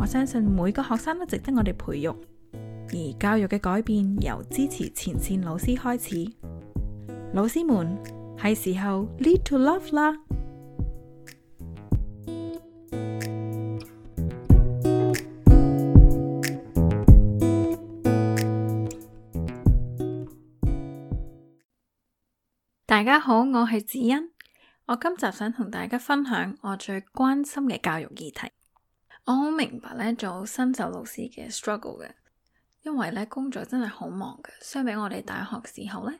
我相信每個學生都值得我哋培育，而教育嘅改變由支持前線老師開始。老師們，係時候 lead to love 啦！大家好，我係子欣，我今集想同大家分享我最關心嘅教育議題。我好明白咧，做新手老師嘅 struggle 嘅，因為咧工作真係好忙嘅。相比我哋大學時候咧，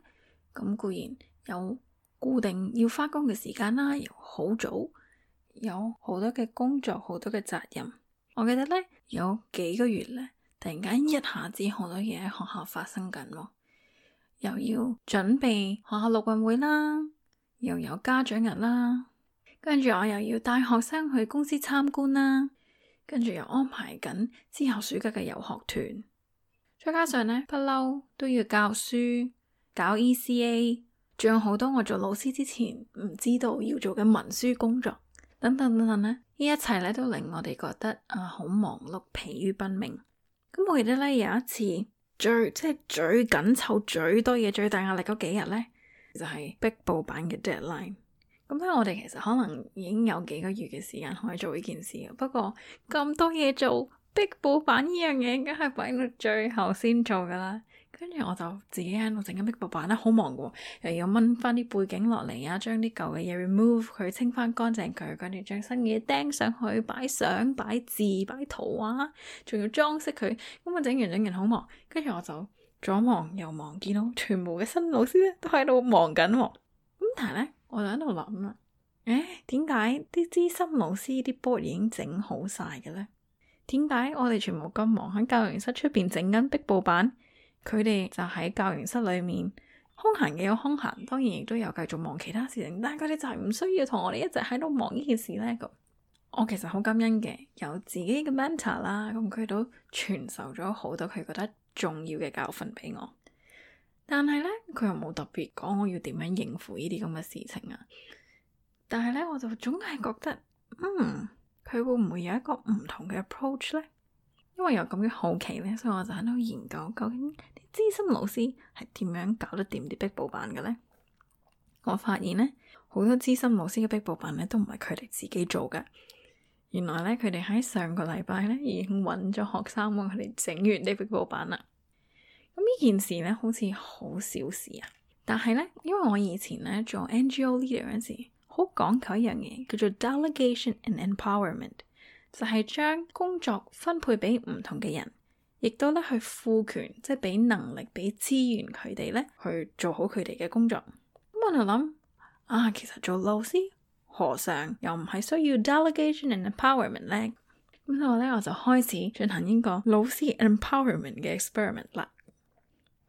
咁固然有固定要返工嘅時間啦，又好早，有好多嘅工作，好多嘅責任。我記得咧有幾個月咧，突然間一下子好多嘢喺學校發生緊，又要準備學校陸運會啦，又有家長日啦，跟住我又要帶學生去公司參觀啦。跟住又安排緊之後暑假嘅遊學團，再加上呢不嬲都要教書、搞 ECA，仲有好多我做老師之前唔知道要做嘅文書工作，等等等等呢一切呢都令我哋覺得啊好忙碌、疲於奔命。咁我記得呢有一次最即係最緊湊、最多嘢、最大壓力嗰幾日呢，就係、是、逼爆版嘅 deadline。咁咧，我哋其實可能已經有幾個月嘅時間可以做呢件事，不過咁多嘢做，壁報板呢樣嘢，梗係擺到最後先做噶啦。跟住我就自己喺度整緊壁報板，咧，好忙嘅喎，又要掹翻啲背景落嚟啊，將啲舊嘅嘢 remove 佢，清翻乾淨佢，跟住將新嘅嘢釘上去，擺相、擺字、擺圖啊，仲要裝飾佢。咁我整完整完好忙，跟住我就左忙右忙，見到全部嘅新老師咧都喺度忙緊喎、啊。咁但係咧。我就喺度諗啦，誒、欸，點解啲資深老師啲 board 已經整好晒嘅咧？點解我哋全部咁忙喺教員室出邊整緊壁報板？佢哋就喺教員室裏面空閒嘅有空閒，當然亦都有繼續忙其他事情，但係佢哋就係唔需要同我哋一直喺度忙呢件事咧。咁我其實好感恩嘅，有自己嘅 mentor 啦，咁佢都傳授咗好多佢覺得重要嘅教訓畀我。但係咧，佢又冇特別講我要點樣應付呢啲咁嘅事情啊。但係咧，我就總係覺得，嗯，佢會唔會有一個唔同嘅 approach 咧？因為有咁嘅好奇咧，所以我就喺度研究，究竟啲資深老師係點樣搞得掂啲壁報板嘅咧？我發現咧，好多資深老師嘅壁報板咧，都唔係佢哋自己做嘅。原來咧，佢哋喺上個禮拜咧，已經揾咗學生幫佢哋整完啲壁報板啦。咁呢件事呢，好似好小事啊。但係呢，因為我以前呢做 NGO leader 嗰陣時，好講求一樣嘢叫做 delegation and empowerment，就係將工作分配俾唔同嘅人，亦都咧去賦權，即係俾能力、俾資源佢哋咧去做好佢哋嘅工作。咁我就諗啊，其實做老師何嘗又唔係需要 delegation and empowerment 咧？咁所以我咧我就開始進行呢個老師 empowerment 嘅 experiment 啦。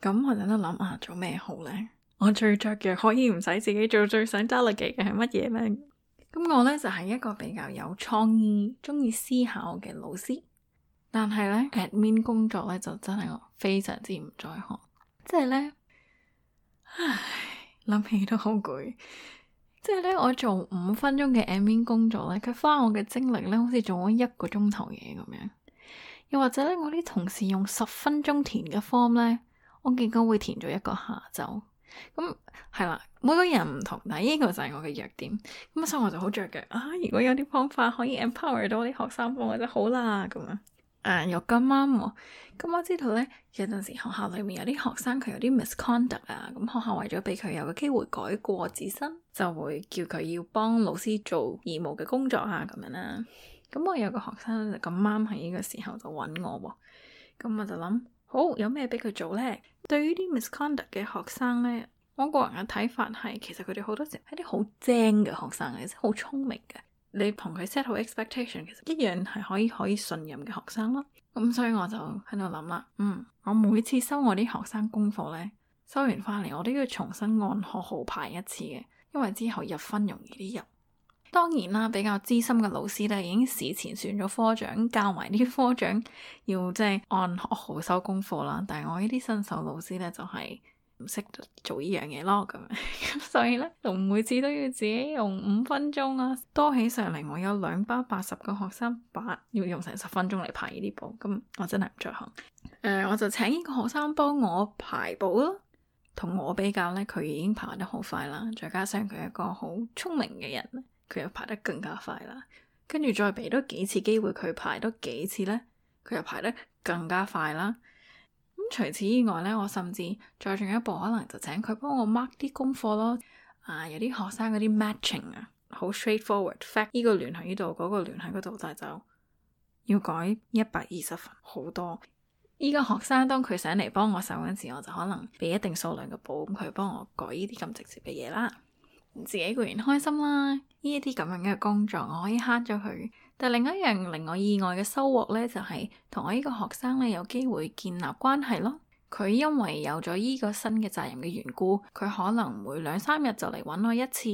咁我喺度諗啊，做咩好咧？我最着嘅，可以唔使自己做，最想揸 e l 嘅係乜嘢咧？咁我咧就係、是、一個比較有創意、中意思考嘅老師，但係咧 admin 工作咧就真係我非常之唔在行，即係咧，唉諗起都好攰。即係咧，我做五分鐘嘅 admin 工作咧，佢花我嘅精力咧，好似做咗一個鐘頭嘢咁樣。又或者咧，我啲同事用十分鐘填嘅 form 咧。我見到會填咗一個下晝，咁係啦，每個人唔同，但係呢個就係我嘅弱點，咁所以我就好著急啊！如果有啲方法可以 empower 到啲學生方，我就好啦咁樣，眼、嗯、肉咁啱喎。咁我知道咧，有陣時學校裏面有啲學生佢有啲 misconduct 啊，咁學校為咗俾佢有個機會改過自新，就會叫佢要幫老師做義務嘅工作啊，咁樣啦、啊。咁我有個學生就咁啱喺呢媽媽個時候就揾我、啊，咁我就諗。好，有咩俾佢做咧？對於啲 misconduct 嘅學生咧，我個人嘅睇法係，其實佢哋好多時係啲好精嘅學生嘅，即係好聰明嘅。你同佢 set 好 expectation，其實一樣係可以可以信任嘅學生咯。咁所以我就喺度諗啦，嗯，我每次收我啲學生功課咧，收完翻嚟我都要重新按學號排一次嘅，因為之後入分容易啲入。當然啦，比較資深嘅老師咧已經事前選咗科長，教埋啲科長要即係按學號收功課啦。但係我呢啲新手老師咧就係唔識做呢樣嘢咯，咁 所以咧，仲每次都要自己用五分鐘啊，多起上嚟，我有兩百八十個學生，把要用成十分鐘嚟排呢啲簿。咁我真係唔在行。誒、呃，我就請呢個學生幫我排簿咯，同我比較咧，佢已經排得好快啦。再加上佢係一個好聰明嘅人。佢又排得更加快啦，跟住再俾多幾次機會佢排多幾次呢，佢又排得更加快啦。咁除此以外呢，我甚至再進一步，可能就請佢幫我 mark 啲功課咯。啊，有啲學生嗰啲 matching 啊，好 straightforward，fact 呢個連喺呢度，嗰、嗰個連喺嗰度，但係就要改一百二十分，好多。依、呢個學生當佢醒嚟幫我手嗰時，我就可能俾一定數量嘅簿，咁佢幫我改呢啲咁直接嘅嘢啦。自己固然開心啦，呢一啲咁樣嘅工作我可以慳咗佢。但另一樣令我意外嘅收穫咧，就係同我呢個學生咧有機會建立關係咯。佢因為有咗呢個新嘅責任嘅緣故，佢可能每兩三日就嚟搵我一次。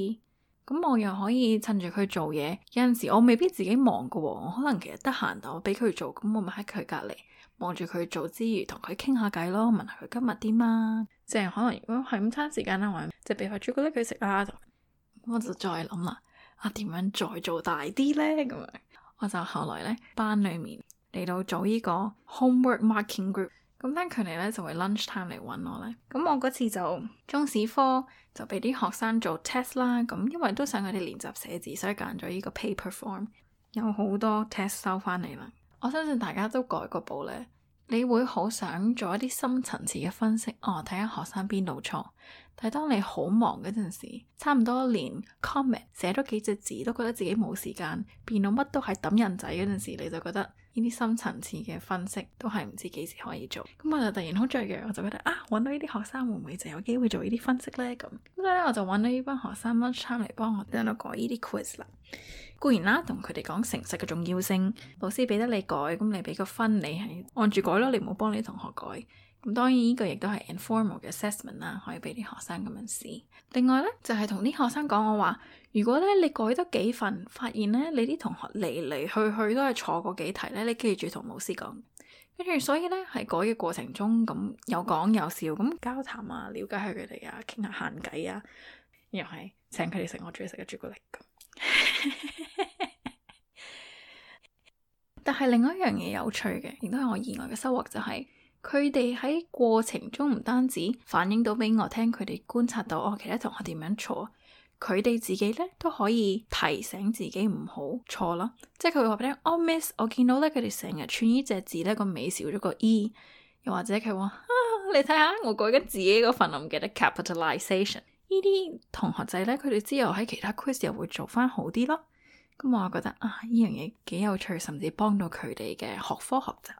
咁我又可以趁住佢做嘢，有陣時我未必自己忙噶喎，我可能其實得閒，就我畀佢做，咁我咪喺佢隔籬望住佢做之餘，同佢傾下偈咯，問下佢今日點啊？即係可能如果係午餐時間啦，或者就俾塊朱古力佢食啦，我就再諗啦，啊點樣再做大啲呢？咁樣我就後來呢，班裡面嚟到做呢個 homework marking group，咁啲佢哋呢，就會 lunch time 嚟揾我咧。咁我嗰次就中史科就俾啲學生做 test 啦，咁因為都想佢哋練習寫字，所以揀咗呢個 paper form，有好多 test 收翻嚟啦。我相信大家都改過簿咧，你會好想做一啲深層次嘅分析，哦，睇下學生邊度錯。但係當你好忙嗰陣時，差唔多連 comment 寫多幾隻字都覺得自己冇時間，變到乜都係抌人仔嗰陣時，你就覺得。呢啲深層次嘅分析都係唔知幾時可以做，咁我就突然好着嘅，我就覺得啊，揾到呢啲學生會唔會就有機會做呢啲分析呢？咁，咁咧，我就揾到呢班學生 lunch time 嚟幫我，等我改呢啲 quiz 啦。固然啦，啊，同佢哋講誠實嘅重要性，老師俾得你改，咁你俾個分，你係按住改咯，你唔好幫你同學改。咁當然呢個亦都係 informal 嘅 assessment 啦，可以俾啲學生咁樣試。另外呢，就係同啲學生講我話，如果呢，你改得幾份，發現呢你啲同學嚟嚟去去都係錯嗰幾題呢，你記住跟住就同老師講。跟住所以呢，喺改嘅過程中咁有講有笑咁交談啊，了解下佢哋啊，傾下閒偈啊，又係請佢哋食我中意食嘅朱古力咁。 但係另外一樣嘢有趣嘅，亦都係我意外嘅收穫就係、是。佢哋喺過程中唔單止反映到畀我聽，佢哋觀察到哦，其他同學點樣錯，佢哋自己咧都可以提醒自己唔好錯啦。即係佢會話俾我聽、oh，我 miss 我見到咧，佢哋成日串呢隻字咧個尾，尾少咗個 e，又或者佢話啊，你睇下我改緊自己嗰份，我唔記得 capitalization。呢啲同學仔咧，佢哋之後喺其他 quiz 又會做翻好啲咯。咁、嗯、我覺得啊，依樣嘢幾有趣，甚至幫到佢哋嘅學科學習。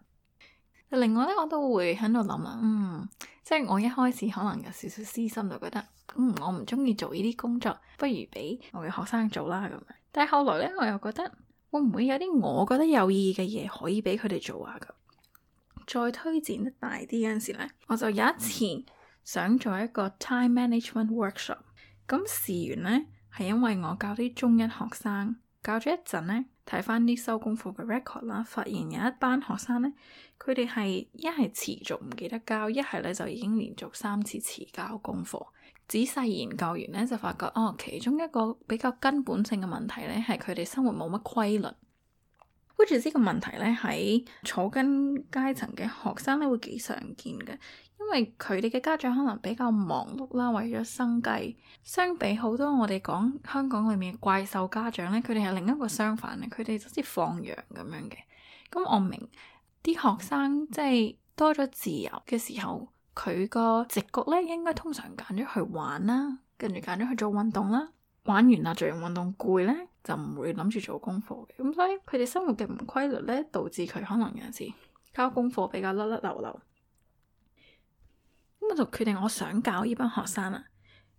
另外咧，我都會喺度諗啊。嗯，即係我一開始可能有少少私心，就覺得，嗯，我唔中意做呢啲工作，不如俾我嘅學生做啦咁。但係後來咧，我又覺得，會唔會有啲我覺得有意義嘅嘢可以俾佢哋做啊咁？再推薦得大啲嗰陣時咧，我就有一次想做一個 time management workshop，咁事緣咧係因為我教啲中一學生，教咗一陣咧。睇返啲收功課嘅 record 啦，發現有一班學生呢，佢哋係一係持續唔記得交，一係呢就已經連續三次遲交功課。仔細研究完呢，就發覺哦，其中一個比較根本性嘅問題呢，係佢哋生活冇乜規律。好似呢個問題呢，喺草根階層嘅學生咧會幾常見嘅，因為佢哋嘅家長可能比較忙碌啦，為咗生計。相比好多我哋講香港裏面嘅怪獸家長呢，佢哋係另一個相反嘅，佢哋好似放羊咁樣嘅。咁我明啲學生即係、就是、多咗自由嘅時候，佢個直覺咧應該通常揀咗去玩啦，跟住揀咗去做運動啦。玩完啦，做完運動攰咧，就唔會諗住做功課嘅，咁所以佢哋生活嘅唔規律咧，導致佢可能有陣時交功課比較甩甩流流。咁我就決定我想教呢班學生啦，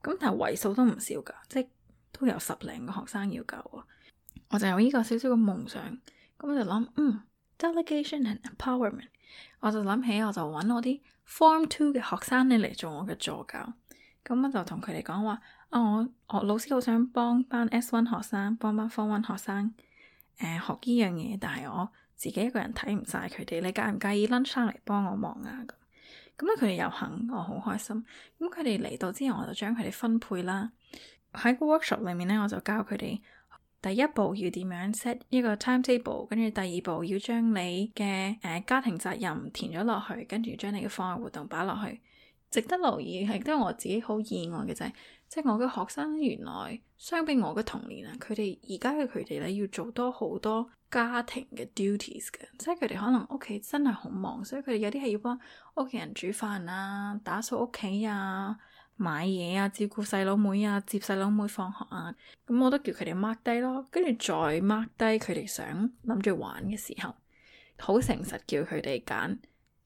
咁但係為數都唔少噶，即係都有十零個學生要教我。我就有呢個少少嘅夢想，咁我就諗，嗯，Delegation and Empowerment，我就諗起我就搵我啲 Form 2嘅學生咧嚟做我嘅助教，咁我就同佢哋講話。啊、哦！我我老師好想幫班 S1 學生，幫一班 Form1 學生，誒、呃、學呢樣嘢，但係我自己一個人睇唔晒。佢哋，你介唔介意 lunch 嚟幫我忙啊？咁咁佢哋又肯，我、哦、好開心。咁佢哋嚟到之後，我就將佢哋分配啦。喺個 workshop 裏面咧，我就教佢哋第一步要點樣 set 一個 timetable，跟住第二步要將你嘅誒家庭責任填咗落去，跟住將你嘅課外活動擺落去。值得留意，係都我自己好意外嘅就係，即係我嘅學生原來相比我嘅童年啊，佢哋而家嘅佢哋咧要做多好多家庭嘅 duties 嘅，即係佢哋可能屋企真係好忙，所以佢哋有啲係要幫屋企人煮飯啊、打掃屋企啊、買嘢啊、照顧細佬妹啊、接細佬妹放學啊，咁我都叫佢哋 mark 低咯，跟住再 mark 低佢哋想諗住玩嘅時候，好誠實叫佢哋揀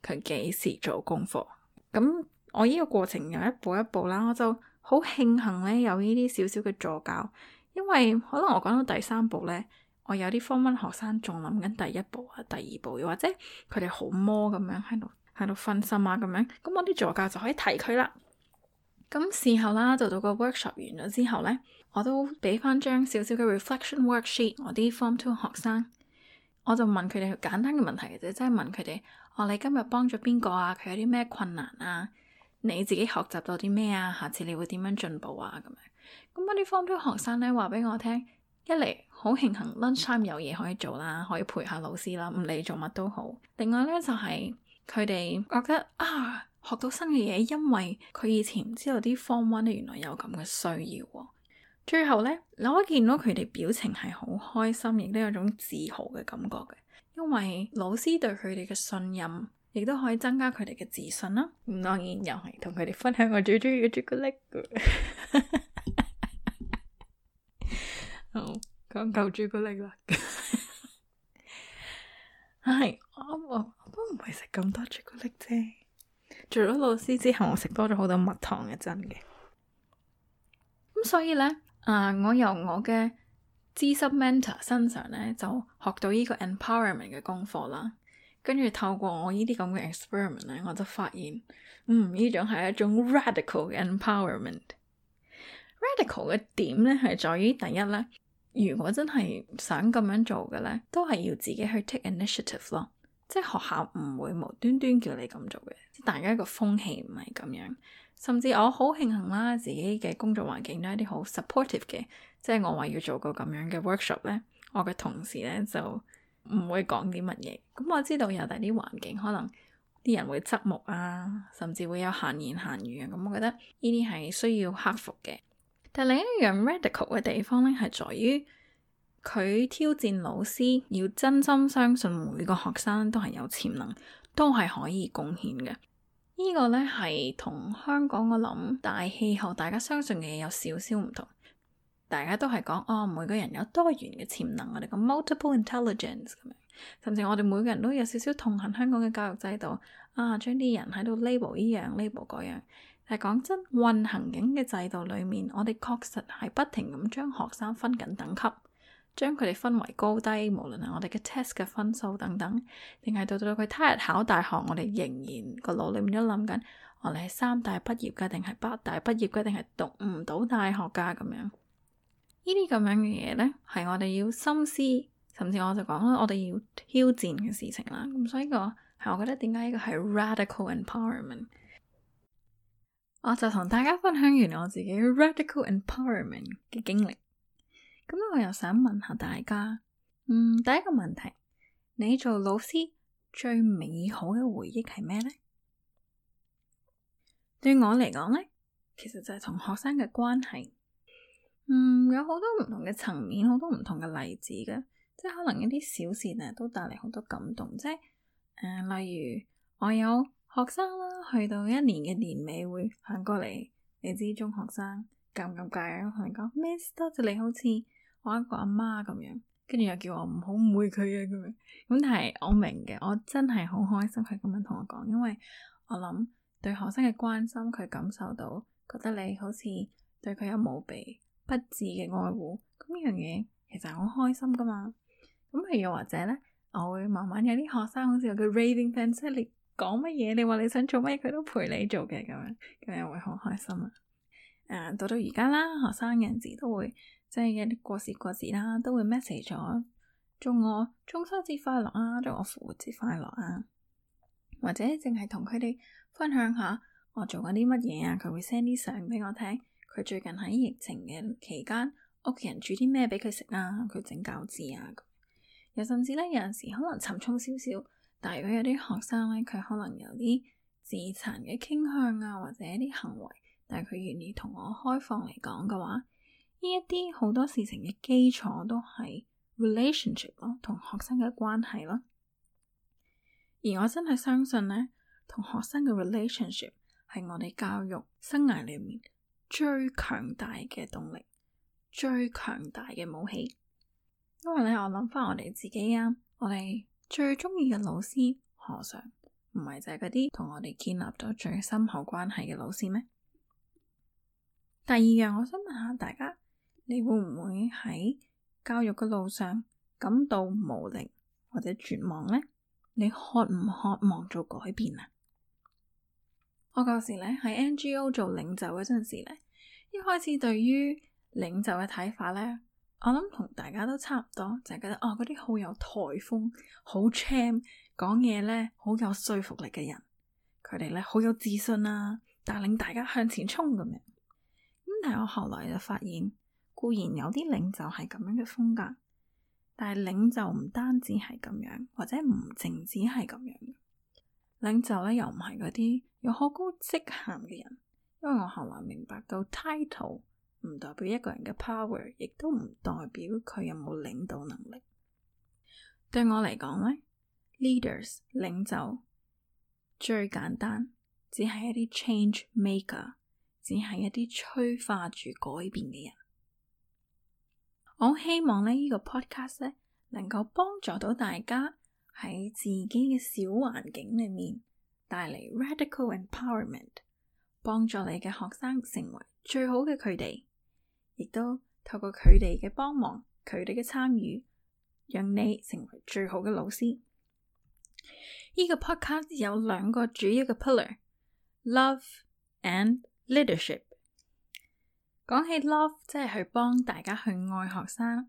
佢幾時做功課，咁。我呢個過程又一步一步啦，我就好慶幸咧有呢啲小小嘅助教，因為可能我講到第三步咧，我有啲 form one 學生仲諗緊第一步啊、第二步，又或者佢哋好魔咁樣喺度喺度分心啊咁樣，咁我啲助教就可以提佢啦。咁事後啦，做到個 workshop 完咗之後咧，我都俾翻張少少嘅 reflection worksheet 我啲 form two 學生，我就問佢哋簡單嘅問題嘅啫、就是，即係問佢哋哦，你今日幫咗邊個啊？佢有啲咩困難啊？你自己學習到啲咩啊？下次你會點樣進步啊？咁樣，咁我啲 form two 學生咧話俾我聽，一嚟好慶幸 lunchtime 有嘢可以做啦，可以陪下老師啦，唔理做乜都好。另外咧就係佢哋覺得啊，學到新嘅嘢，因為佢以前唔知道啲 form one 原來有咁嘅需要喎。最後咧，你可以見到佢哋表情係好開心，亦都有種自豪嘅感覺嘅，因為老師對佢哋嘅信任。.亦都可以增加佢哋嘅自信啦。唔，當然又係同佢哋分享我最中意嘅朱古力。 好，講夠朱古力啦。唉， 我都唔係食咁多朱古力啫。做咗老師之後，我食多咗好多蜜糖嘅，真嘅。咁所以咧，啊、呃，我由我嘅資深 mentor 身上咧，就學到呢個 empowerment 嘅功課啦。跟住透過我呢啲咁嘅 experiment 咧，我就發現，嗯，呢種係一種 radical empowerment。radical 嘅點咧係在於第一咧，如果真係想咁樣做嘅咧，都係要自己去 take initiative 咯，即係學校唔會無端端叫你咁做嘅，即係大家個風氣唔係咁樣。甚至我好慶幸啦，自己嘅工作環境都係一啲好 supportive 嘅，即係我話要做個咁樣嘅 workshop 咧，我嘅同事咧就，唔會講啲乜嘢，咁、嗯、我知道有第啲環境，可能啲人會側目啊，甚至會有閒言閒語啊，咁、嗯、我覺得呢啲係需要克服嘅。但另一樣 radical 嘅地方咧，係在於佢挑戰老師要真心相信每個學生都係有潛能，都係可以貢獻嘅。這個、呢個咧係同香港我諗大氣候大家相信嘅嘢有少少唔同。大家都係講哦，每個人有多元嘅潛能，我哋個 multiple intelligence 咁樣，甚至我哋每個人都有少少痛恨香港嘅教育制度啊，將啲人喺度 label 依樣 label 嗰樣。但係講真，運行緊嘅制度裏面，我哋確實係不停咁將學生分緊等級，將佢哋分為高低，無論係我哋嘅 test 嘅分數等等，定係到到佢他日考大學，我哋仍然個腦裏面都諗緊我哋係三大畢業嘅定係八大畢業嘅定係讀唔到大學㗎咁樣。呢啲咁樣嘅嘢呢，係我哋要深思，甚至我就講啦，我哋要挑戰嘅事情啦。咁所以個係我覺得點解呢個係 radical empowerment。我就同大家分享完我自己 radical empowerment 嘅經歷。咁我又想問下大家，嗯，第一個問題，你做老師最美好嘅回憶係咩呢？對我嚟講呢，其實就係同學生嘅關係。嗯，有好多唔同嘅層面，好多唔同嘅例子嘅，即係可能一啲小事啊，都帶嚟好多感動。即係誒、呃，例如我有學生啦，去到一年嘅年尾會行過嚟，你知中學生尷唔尷尬啊？同你講 Miss，多謝你好似我一個阿媽咁樣，跟住又叫我唔好誤會佢啊咁樣，但係我明嘅，我真係好開心佢咁樣同我講，因為我諗對學生嘅關心佢感受到，覺得你好似對佢有冇輩不智嘅愛護，咁呢樣嘢其實好開心噶嘛。咁又或者咧，我會慢慢有啲學生好似我嘅 Raving Fans 即係你講乜嘢，你話你想做乜佢都陪你做嘅咁樣，咁又會好開心啊。誒，到到而家啦，學生人士都會即係一啲過時過節啦，都會 message 我，祝我中秋節快樂啊，祝我復活節快樂啊，或者淨係同佢哋分享下我做緊啲乜嘢啊，佢會 send 啲相畀我聽。佢最近喺疫情嘅期間，屋企人煮啲咩俾佢食啊？佢整餃子啊，又甚至咧有陣時可能沉重少少。但係如果有啲學生咧，佢可能有啲自殘嘅傾向啊，或者一啲行為，但係佢願意同我開放嚟講嘅話，呢一啲好多事情嘅基礎都係 relationship 咯，同學生嘅關係咯。而我真係相信咧，同學生嘅 relationship 係我哋教育生涯裡面。最強大嘅動力，最強大嘅武器。因為咧，我諗翻我哋自己啊，我哋最中意嘅老師、何嘗唔係就係嗰啲同我哋建立咗最深厚關係嘅老師咩？第二樣，我想問下大家，你會唔會喺教育嘅路上感到無力或者絕望呢？你渴唔渴望做改變啊？我嗰時咧喺 NGO 做領袖嗰陣時咧。一開始對於領袖嘅睇法呢，我諗同大家都差唔多，就係覺得哦，嗰啲好有台風、好 charm、講嘢呢好有說服力嘅人，佢哋呢好有自信啊，帶領大家向前衝咁樣。但係我後來就發現，固然有啲領袖係咁樣嘅風格，但係領袖唔單止係咁樣，或者唔淨止係咁樣。領袖呢又唔係嗰啲有好高職銜嘅人。因為我後來明白到，這個 title 唔代表一個人嘅 power，亦都唔代表佢有冇領導能力。對我嚟講呢「Leaders」、「領袖」最簡單，只係一啲 change maker，只係一啲催化住改變嘅人。我希望呢、這個 podcast 咧能夠幫助到大家喺自己嘅小環境裏面帶嚟 radical empowerment。幫助你嘅學生成為最好嘅佢哋，亦都透過佢哋嘅幫忙，佢哋嘅參與，讓你成為最好嘅老師。呢個 podcast 有兩個主要嘅 pillar：love and leadership。講起 love，即係去幫大家去愛學生。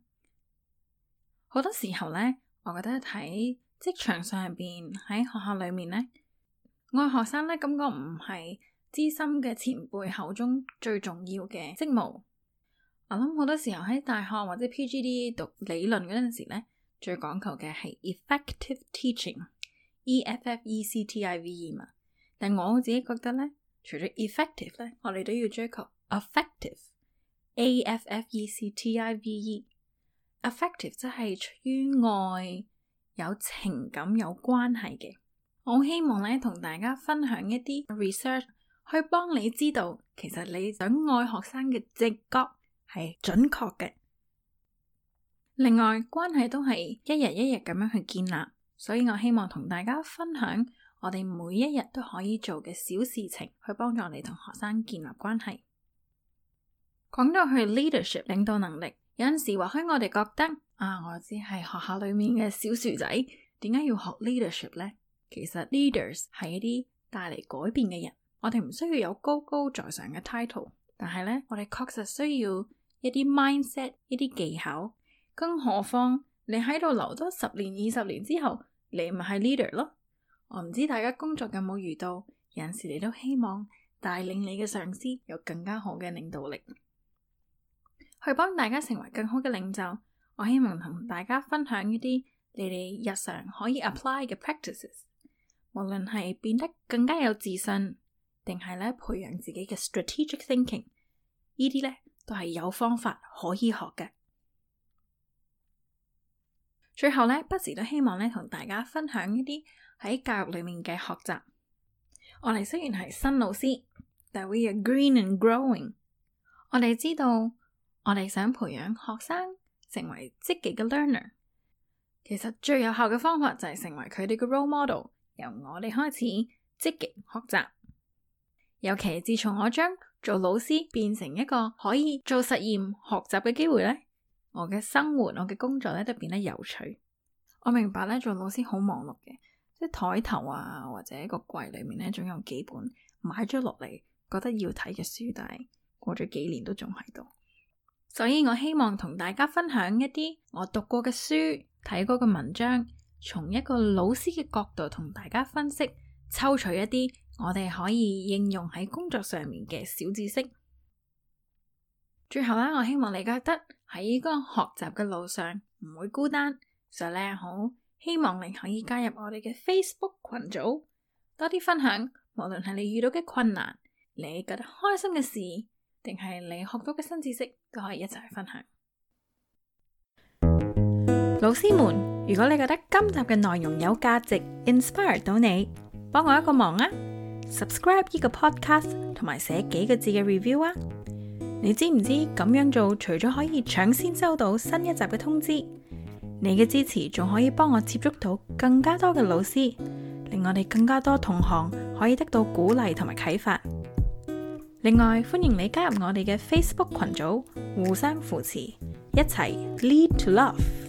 好多時候呢，我覺得喺職場上入邊，喺學校裏面呢，愛學生呢感覺唔係。資深嘅前輩口中最重要嘅職務，我諗好多時候喺大學或者 PGD 讀理論嗰陣時呢，最講求嘅係 effective teaching，e f f e c t i v e 嘛。但我自己覺得呢，除咗 effective 呢，我哋都要追求 affective，a f f e c t i v e。affective 即係出於愛，有情感，有關係嘅。我希望呢，同大家分享一啲 research。去幫你知道，其實你想愛學生嘅直覺係準確嘅。另外，關係都係一日一日咁樣去建立，所以我希望同大家分享，我哋每一日都可以做嘅小事情，去幫助你同學生建立關係。講到去 leadership 領導能力，有陣時或許我哋覺得啊，我只係學校裏面嘅小薯仔，點解要學 leadership 呢？其實 leaders 係一啲帶嚟改變嘅人。我哋唔需要有高高在上嘅 title，但係呢，我哋確實需要一啲 mindset，一啲技巧。更何況你喺度留多十年二十年之後，你咪係 leader 咯。我唔知大家工作有冇遇到，有時你都希望帶領你嘅上司有更加好嘅領導力，去幫大家成為更好嘅領袖。我希望同大家分享一啲你哋日常可以 apply 嘅 practices，無論係變得更加有自信。定係咧培養自己嘅 strategic thinking，呢啲咧都係有方法可以學嘅。最後咧，不時都希望咧同大家分享一啲喺教育裏面嘅學習。我哋雖然係新老師，但係 we are green and growing。我哋知道我哋想培養學生成為積極嘅 learner，其實最有效嘅方法就係成為佢哋嘅 role model，由我哋開始積極學習。尤其自從我將做老師變成一個可以做實驗學習嘅機會咧，我嘅生活、我嘅工作咧都變得有趣。我明白咧做老師好忙碌嘅，即係枱頭啊，或者一個櫃裏面咧總有幾本買咗落嚟覺得要睇嘅書，但係過咗幾年都仲喺度。所以我希望同大家分享一啲我讀過嘅書、睇過嘅文章，從一個老師嘅角度同大家分析，抽取一啲。我哋可以應用喺工作上面嘅小知識。最後啦，我希望你覺得喺呢個學習嘅路上唔會孤單，所以呢，好希望你可以加入我哋嘅 Facebook 群組，多啲分享，無論係你遇到嘅困難，你覺得開心嘅事，定係你學到嘅新知識，都可以一齊分享。老師們，如果你覺得今集嘅內容有價值，inspire 到你，幫我一個忙啊！Subscribe 呢個 Podcast 同埋寫幾個字嘅 review 啊！你知唔知咁樣做除咗可以搶先收到新一集嘅通知，你嘅支持仲可以幫我接觸到更加多嘅老師，令我哋更加多同行可以得到鼓勵同埋啟發。另外，歡迎你加入我哋嘅 Facebook 群組，互相扶持，一齊 lead to love。